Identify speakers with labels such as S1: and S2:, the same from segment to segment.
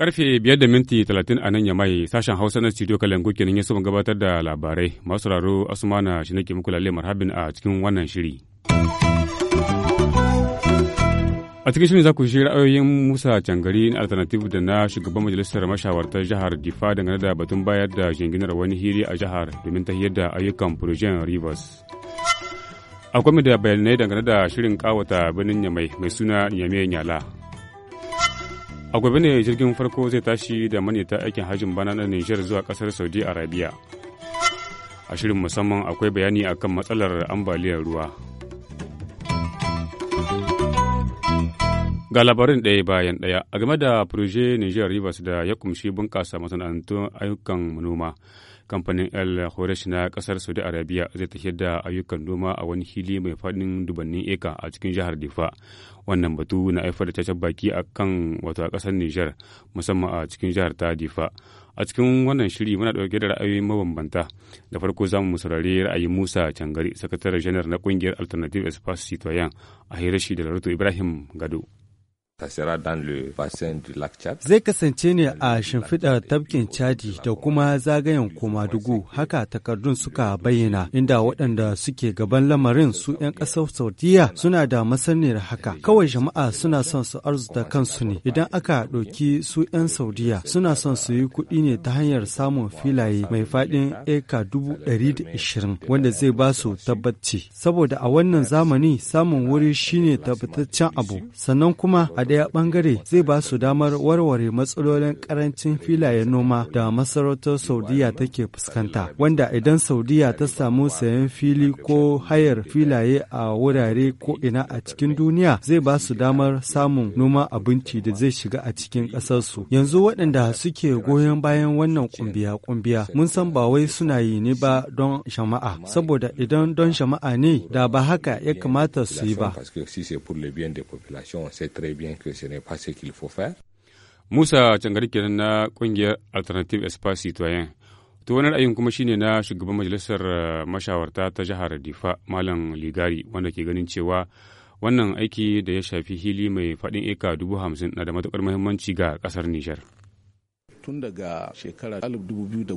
S1: Karfe biyar da minti talatin a nan yamai sashen Hausa na studio Kalangu kenan ya saba gabatar da labarai. Masu raro Asumana shi nake muku lalle marhabin a cikin wannan shiri. a cikin shirin za ku shi ra'ayoyin musa cangari na alternative da na shugaban majalisar mashawartar jihar difa dangane da batun bayar da shinginar wani hiri a jihar domin ta da ayyukan projen rivers akwai mu da bayanai dangane da shirin kawata birnin yamai mai suna nyame nyala a gobe ne jirgin farko zai tashi da manyata aikin hajjin bana na nijar zuwa kasar saudi arabia a shirin musamman akwai bayani akan matsalar ambaliyar ruwa Ga labarin ɗaya bayan ɗaya a game da Proje Niger Rivers da ya kumshi bunƙasa masana'antun ayyukan noma. Kamfanin El Horesh na ƙasar Saudi Arabia zai tafiyar da ayyukan noma a wani hili mai faɗin dubannin eka a cikin jihar Difa. Wannan batu na haifar da cacar baki a kan wato a ƙasar Niger musamman a cikin jihar ta Difa. A cikin wannan shiri muna ɗauke da ra'ayoyi mabambanta. Da farko za mu saurari ra'ayin Musa Cangari, sakataren janar na ƙungiyar Alternative Espace Citoyen a hirashi da Laruto Ibrahim Gado.
S2: Zai kasance ne a shimfiɗar tafkin Chadi da kuma zagayen Komadugu haka takardun suka bayyana inda waɗanda suke gaban lamarin su 'yan ƙasar Saudiya suna da masaniyar haka. Kawai jama'a suna son su arzuta kansu ne idan aka ɗauki su 'yan Saudiya suna son su yi kuɗi ne ta hanyar samun filaye mai faɗin eka dubu ɗari wanda zai ba su tabbaci. Saboda a wannan zamani samun wuri shine tabbataccen abu sannan kuma a ɗaya ɓangare zai ba su damar warware matsalolin karancin filayen noma da masarautar Saudiya take fuskanta, wanda idan Saudiya ta samu sayan fili ko hayar filaye a wurare ko ina a cikin duniya zai ba su damar samun noma abinci da zai shiga a cikin ƙasarsu. Yanzu waɗanda suke goyon bayan wannan kumbiya-kumbiya mun san ba wai suna yi ne ba don jama'a, saboda idan don jama'a ne da ba haka ya kamata su yi ba.
S1: que ce n'est pas ce qu'il faut faire. Musa Cangari kenan na kungiyar Alternative Espace Citoyen. To wani ra'ayin kuma shine na shugaban majalisar eh, mashawarta ta jihar Difa Malam Ligari wanda ke ganin cewa wannan aiki da ya shafi hili mai faɗin eka dubu hamsin na da matuƙar muhimmanci ga ƙasar Nijar.
S3: tun daga shekarar 2012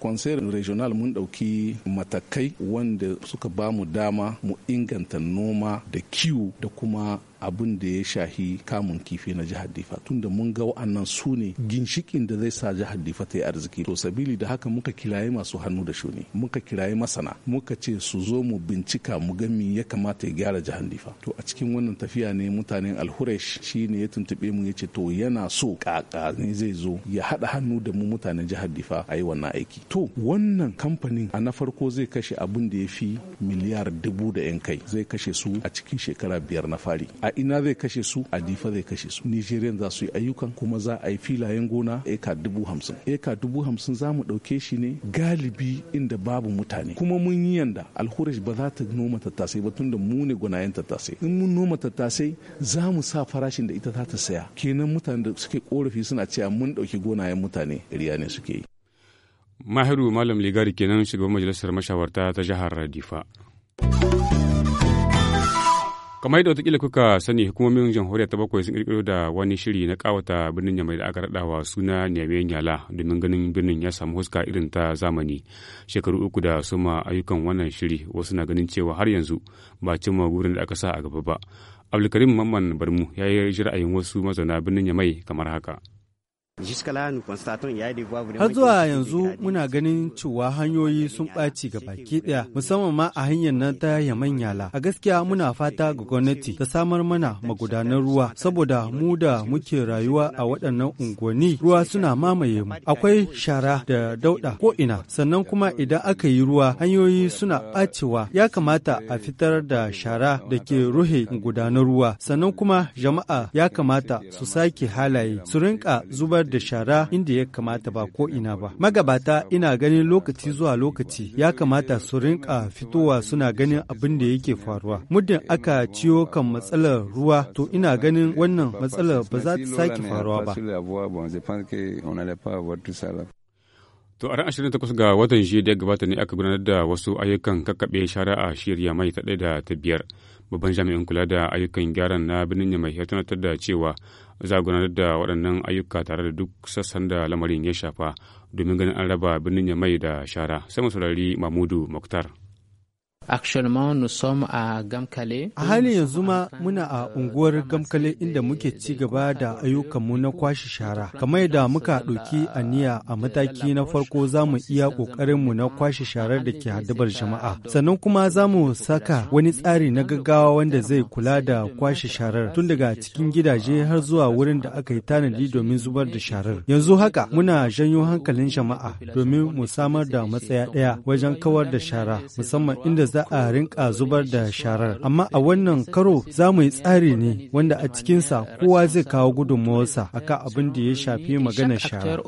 S3: conseil regional mun dauki matakai wanda suka bamu dama mu inganta noma da kiwo da kuma abin da ya shahi kamun kifi na jihar difa tunda mun ga wa'annan su ne ginshikin da zai sa jihar difa ta yi arziki to sabili da haka muka kiraye masu hannu da shuni muka kiraye masana muka ce su zo mu bincika mu ga me ya kamata ya gyara jihar difa to a cikin wannan tafiya ne mutanen alhuresh shi ne ya tuntube mu ya ce to yana so kaka ne zai zo ya haɗa hannu da mu mutanen jihar difa a yi wannan aiki to wannan kamfanin a na farko zai kashe abin da ya fi miliyar dubu da 'yan kai zai kashe su a cikin shekara biyar na fari a ina zai kashe su a difa zai kashe su nigerian za su yi ayyukan kuma za a yi filayen gona eka dubu hamsin eka dubu hamsin za mu ɗauke shi ne galibi inda babu mutane kuma mun yi yanda alhurash ba za ta noma tattasai ba tunda mu ne gwanayen tattasai in mun noma tattasai za mu sa farashin da ita za ta saya kenan mutane da suke korafi suna cewa mun ɗauki gonayen mutane riya ne suke yi
S1: mahiru malam ligari kenan shugaban majalisar mashawarta ta jihar radifa kamar yadda watakila kuka sani hukumomin jamhuriyar ta bakwai sun kirkiro da wani shiri na kawata birnin yamai da aka raɗawa suna nemen yala domin ganin birnin ya samu huska irin ta zamani shekaru uku da suma ayyukan wannan shiri wasu na ganin cewa har yanzu ba cimma gurin da aka sa a gaba ba abdulkarim mamman barmu ya yi ra'ayin wasu mazauna birnin yamai kamar haka
S2: Har zuwa yanzu muna ganin cewa hanyoyi sun ɓaci ga baki ɗaya musamman ma a hanyar nan ta Yaman Yala. A gaskiya muna fata ga gwamnati ta samar mana magudanan ruwa saboda mu da muke rayuwa a waɗannan unguwanni ruwa suna mamaye mu. Akwai shara da dauɗa ko ina sannan kuma idan aka yi ruwa hanyoyi suna ɓacewa ya kamata a fitar da shara da ke ruhe gudanar ruwa sannan kuma jama'a ya kamata su sake halaye su rinka zubar da shara inda ya kamata ba ko ina ba. Magabata ina ganin lokaci zuwa lokaci ya kamata su rinka fitowa suna ganin abin da yake faruwa. Muddin aka ciyo kan matsalar ruwa to ina ganin wannan matsalar ba za ta sake faruwa ba.
S1: To a ran 28 ga watan jiya da ya gabata ne aka gudanar da wasu ayyukan kakkaɓe shari'a shirya mai ta da ta biyar. babban jami'in kula da ayyukan gyaran na birnin yamai ya tunatar da cewa za a gudanar da waɗannan ayyuka tare da duk sassan da lamarin ya shafa domin ganin an raba birnin yamai da shara sai mu saurari mamudu muktar
S2: A halin yanzu ma muna a unguwar Gamkale inda muke ci gaba da ayyukanmu na kwashe shara. Kamar da muka ɗauki aniya a mataki na farko za mu iya ƙoƙarinmu na kwashe sharar da ke haddabar jama'a. Sannan kuma za mu saka wani tsari na gaggawa wanda zai kula da kwashe sharar tun daga cikin gidaje har zuwa wurin da aka yi tanadi domin zubar da sharar. Yanzu haka muna janyo hankalin jama'a domin mu samar da matsaya ɗaya wajen kawar da shara musamman inda za a rinka zubar da sharar. Amma a wannan karo za mu yi tsari ne wanda a cikinsa kowa zai kawo gudunmawarsa akan abin da ya shafi maganar shara.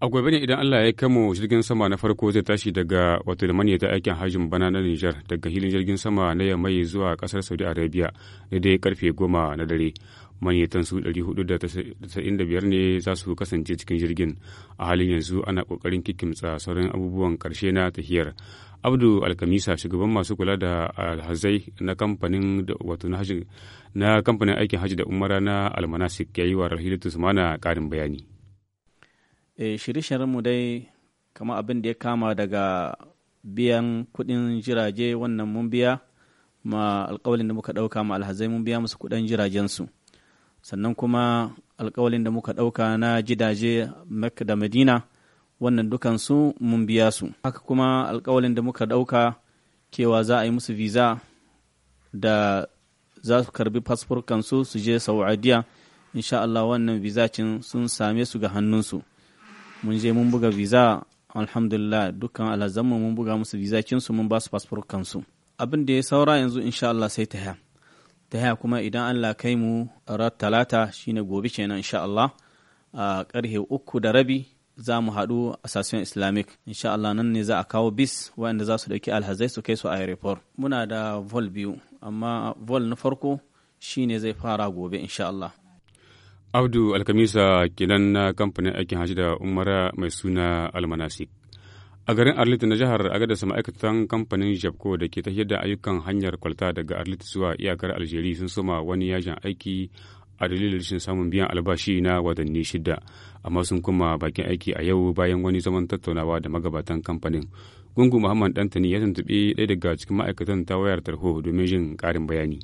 S4: a gobe ne idan Allah ya kamo jirgin
S1: sama na farko zai tashi daga wato da maniyata aikin hajjin bana na Nijar daga hilin jirgin sama na Yamai zuwa kasar Saudi Arabia da dai karfe goma na dare. manyatan su 495 ne za su kasance cikin jirgin a halin yanzu ana kokarin kikimtsa sauran abubuwan karshe na tahiyar abdu alkamisa shugaban masu kula da alhazai na kamfanin wato na na kamfanin aikin hajji da umara na almanasik ya yi wa rahilu tusmana karin bayani
S4: e, eh, shirye mu dai kama abin da ya kama daga biyan kuɗin jirage wannan mun biya ma alkawalin da muka ɗauka ma alhazai mun biya musu kuɗin jiragensu sannan kuma alkawalin da muka ɗauka na gidaje Makka da Madina wannan su mun biya su. Haka kuma alkawalin da muka ɗauka kewa za a yi musu visa da za su karbi kansu su je Saudiya insha Allah wannan visa sun same su ga hannunsu. Mun je mun buga visa alhamdulillah dukkan alhazanmu mun buga musu visa kinsu mun ba su kansu Abin da ya saura yanzu insha Allah sai ta haya. ta haya kuma idan Allah kai mu rar talata shine gobe kenan insha Allah a karhe uku da rabi za mu haɗu a sasiyon islamic insha Allah nan ne za a kawo bis waɗanda za su ɗauki alhazai su kai su a airport muna da vol biyu amma vol na farko shine zai fara gobe insha Allah
S1: Abdu Alkamisa kenan na kamfanin aikin hajji da Umara mai suna Almanasik. a garin arlit na jihar agadas ma'aikatan kamfanin jabko da ke tafiyar da ayyukan hanyar kwalta daga arlit zuwa iyakar aljeri sun soma wani yajin aiki a dalilin rashin samun biyan albashi na watanni shida amma sun kuma bakin aiki a yau bayan wani zaman tattaunawa da magabatan kamfanin gungu muhammad dantani ya tuntuɓi ɗaya daga cikin ma'aikatan ta wayar tarho domin jin karin bayani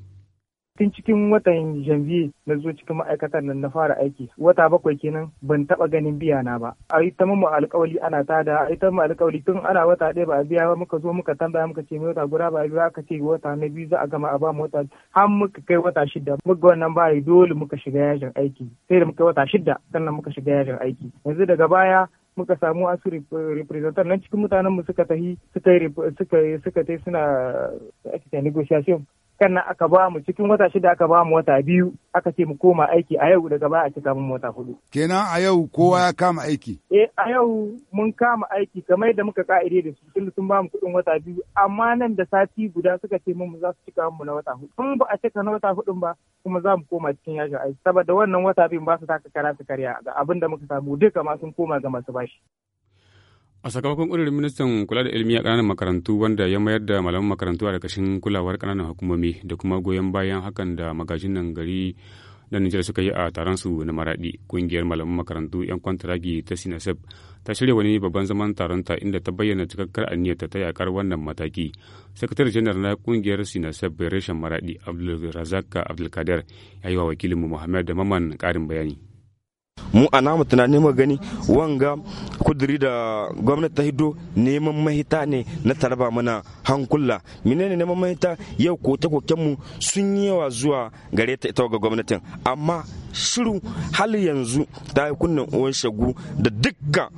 S5: tun cikin watan janvier na zo cikin ma'aikatar nan na fara aiki wata bakwai kenan ban taba ganin biya na ba a yi ta mu alkawali ana tada a yi ta mu alkawali tun ana wata ɗaya ba a biya ba muka zo muka tambaya muka ce wata guda ba a biya aka ce wata na biyu za a gama a ba mu wata har muka kai wata shida muka wannan bayi dole muka shiga yajin aiki sai da muka wata shida sannan muka shiga yajin aiki yanzu daga baya muka samu asu representant nan cikin mutanen mu suka tahi suka yi suka tai suna ake negotiation kan na aka bamu mu cikin wata shida aka bamu mu wata biyu aka ce mu koma aiki a yau daga baya a cika mun wata hudu.
S2: Kenan a yau kowa ya kama aiki?
S5: Eh a yau mun kama aiki kamar da muka ka'ide da su tun sun ba kuɗin wata biyu amma nan da sati guda suka ce mun za su cika mu na wata hudu. Kun ba a cika na wata hudun ba kuma za mu koma cikin yajin aiki saboda wannan wata biyun ba su taka kara su karya ga abin da muka samu duka ma sun koma ga masu bashi.
S1: A sakamakon ƙudurin ministan kula da ilimi a ƙananan makarantu wanda ya mayar da malaman makarantu a ƙarƙashin kulawar ƙananan hukumomi da kuma goyon bayan hakan da magajin nan gari na Nijar suka yi a taron su na maraɗi ƙungiyar malaman makarantu 'yan kwantaragi ta Sinasef ta shirya wani babban zaman taron ta inda ta bayyana cikakkar aniyar ta yakar wannan mataki. sakatar janar na ƙungiyar Sinasef rashin Maraɗi Abdulrazak Abdulkader ya yi wa wakilinmu Muhammad da Maman ƙarin bayani. mu a namu tunanin mu gani wanga kuduri da gwamnati ta hido
S6: neman mahita ne na taraba mana hankula menene neman mahita yau koke koken mu sun yi yawa zuwa gare ta ita ga gwamnatin amma shiru hal yanzu ta kunnan uwan shagu da dukkan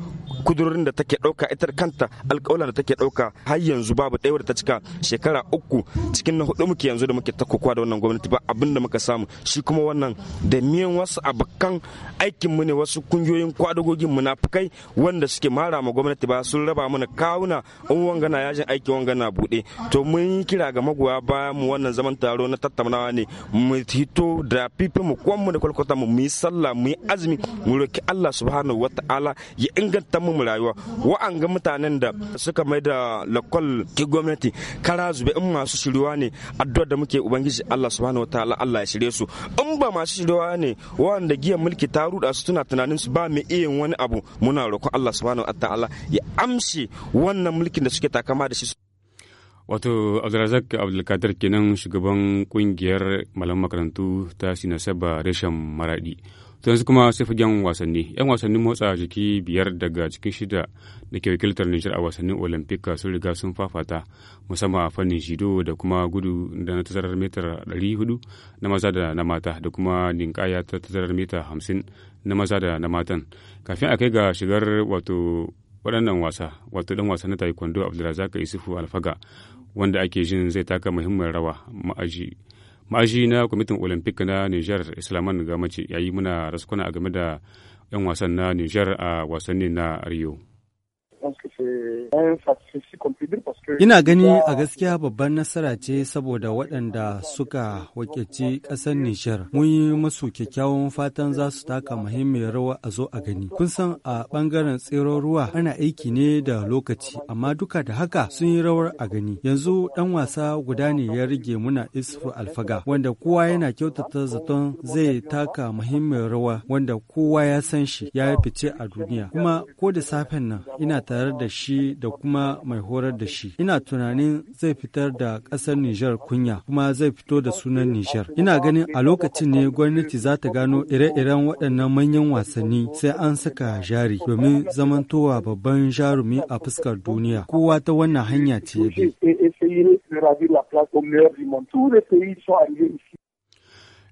S6: kudurorin da take dauka ita kanta alƙawalan da take dauka har yanzu babu ɗaya da ta cika shekara uku cikin na hudu muke yanzu da muke ta kokowa da wannan gwamnati ba abin da muka samu shi kuma wannan da miyan wasu abakan aikin mu ne wasu kungiyoyin kwadagogin munafukai wanda suke mara ma gwamnati ba sun raba mana kawuna in wangana yajin aiki wangana bude to mun yi kira ga magoya bayan mu wannan zaman taro na tattaunawa ne mu hito da pipi mu kwan mu da kwalkwal lokutan mu mu yi sallah mu yi azumi mu roki Allah subhanahu wataala ya inganta mu mu rayuwa wa an ga mutanen da suka mai da lakwal ke gwamnati kara zube in masu shiruwa ne addu'a da muke ubangiji Allah subhanahu wataala Allah ya shirye su in ba masu shiruwa ne wanda giyan mulki ta ruda su tuna tunanin su ba mai iya wani abu muna roƙon Allah subhanahu wataala ya amshe wannan mulkin da suke takama da shi
S1: Wato Abdulrazak Abdulkadir kenan shugaban kungiyar malam makarantu ta Sinasaba reshen Maradi. To yanzu kuma sai fagen wasanni. 'Yan wasannin motsa jiki biyar daga cikin shida da ke wakiltar Nijar a wasannin Olympic sun riga sun fafata musamman a fannin shido da kuma gudu da na tazarar ɗari 400 na maza da na mata da kuma ninkaya ta tazarar mita 50 na maza da na matan. Kafin a kai ga shigar wato waɗannan wasa wato ɗan wasa na taekwondo Abdulrazak Isufu Alfaga wanda ake jin zai taka muhimmin rawa ma'aji ma'aji na kwamitin olympic na niger islaman gamace yayi muna raskuna game da 'yan wasan na niger a wasannin na rio
S2: Ina gani a gaskiya babban nasara ce saboda waɗanda suka wakilci ƙasar Nijar. Mun yi musu kyakkyawan fatan za su taka muhimmiyar rawa a zo a gani. Kun san a ɓangaren tseron ruwa ana aiki ne da lokaci, amma duka da haka sun yi rawar a gani. Yanzu ɗan wasa guda ne ya rage muna Isfu Alfaga, wanda kowa yana kyautata zaton zai taka muhimmiyar rawa wanda kowa ya san shi ya fice a duniya. Kuma ko da safen nan ina tare da shi da kuma mai horar da shi. Ina tunanin zai fitar da ƙasar Nijar kunya kuma zai fito da sunan Nijar. Ina ganin a lokacin ne gwamnati za ta gano ire-iren waɗannan manyan wasanni sai an saka jari domin zamantowa babban jarumi a fuskar duniya. Kowa ta wannan hanya ce bi.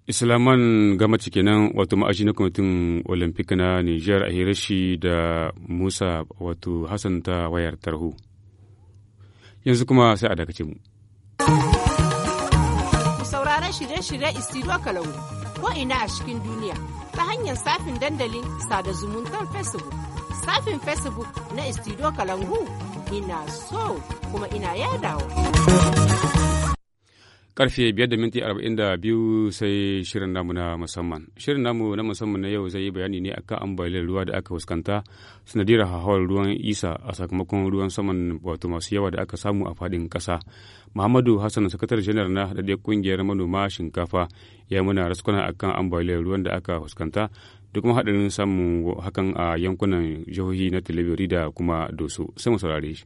S1: islaman gama nan wato ma'aji na kwamitin olympic na niger a hira shi da musa wato hassan ta wayar tarho yanzu kuma sai a dakace mu
S2: sauraron shirye-shirye istiro kalau ko ina a cikin duniya ta hanyar safin dandalin sada zumuntar facebook safin facebook na istiro kalangu ina so kuma ina yadawa
S1: karfe biyar da minti arba'in da biyu sai shirin namu na musamman shirin namu na musamman na yau zai yi bayani ne akan ambaliyar ruwa da aka fuskanta sanadiyar hawar ruwan isa a sakamakon ruwan saman wato masu yawa da aka samu a fadin kasa muhammadu hassan sakatare janar na haɗaɗɗiyar kungiyar manoma shinkafa ya muna raskuna akan ambaliyar ruwan da aka fuskanta duk kuma haɗarin samun hakan a yankunan jihohi na talabiri da kuma doso sai mu saurare shi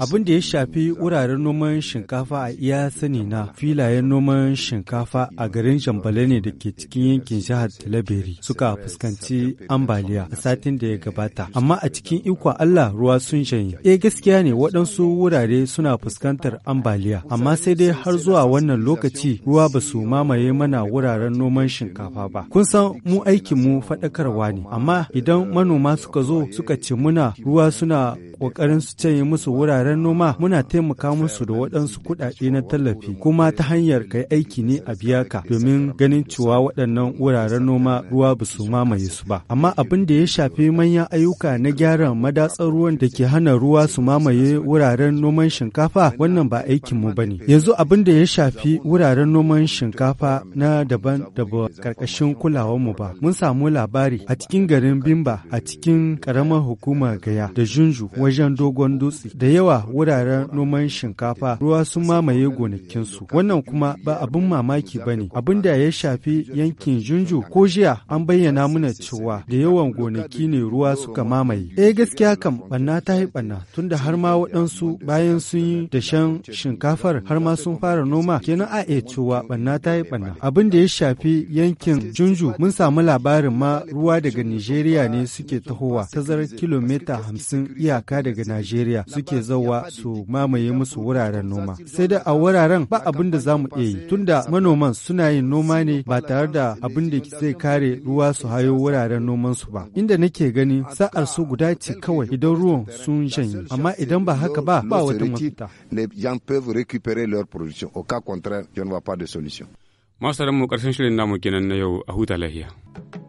S6: Abin
S2: da ya shafi wuraren noman shinkafa a iya sani na filayen noman shinkafa a garin Jambale ne da ke cikin yankin jihar Talaberi suka fuskanci ambaliya a satin da ya gabata. Amma a cikin ikon Allah ruwa sun janye. Eh gaskiya ne waɗansu wurare suna fuskantar ambaliya amma sai dai har zuwa wannan lokaci ruwa ba su mamaye mana wuraren noman shinkafa ba. Kun san mu aikin mu faɗakarwa ne amma idan manoma suka zo suka ce Muna ruwa suna ƙoƙarin su canye musu wuraren noma muna taimaka musu da waɗansu kuɗaɗe na tallafi kuma ta hanyar kai aiki ne a biyaka. domin ganin cewa waɗannan wuraren noma ruwa ba su mamaye su ba amma abin da ya shafi manyan ayyuka na gyaran madatsar ruwan da ke hana ruwa su mamaye wuraren noman shinkafa wannan ba aikin mu bane yanzu abin da ya shafi wuraren noman shinkafa na daban da ba karkashin kulawar mu ba mun samu labari a cikin garin Bimba a cikin karamar hukumar hukumar gaya da junju wajen dogon dutse da yawa wuraren noman shinkafa ruwa sun mamaye gonakinsu wannan kuma ba abin mamaki ba ne abin da ya shafi yankin junju ko jiya an bayyana mana cewa da yawan gonaki ne ruwa suka mamaye eh gaskiya kam banna ta yi banna tunda har ma waɗansu bayan sun yi dashen shinkafar har ma sun fara noma kenan a iya cewa banna ta yi banna abin da ya shafi yankin junju mun samu labarin ma ruwa daga nigeria ne suke tahowa tazarar kilo kilomita hamsin iyaka daga Najeriya suke zawa su mamaye musu wuraren noma. Sai da a wuraren ba abin da za mu iya yi, tunda manoman suna yin noma ne ba tare da abin da zai kare ruwa su hayo wuraren nomansu ba. Inda nake gani sa'ar su guda ce kawai idan ruwan sun janye, amma idan ba haka ba ba wata mafita.
S1: Masu mu karshen shirin namu kenan na yau a huta lahiya.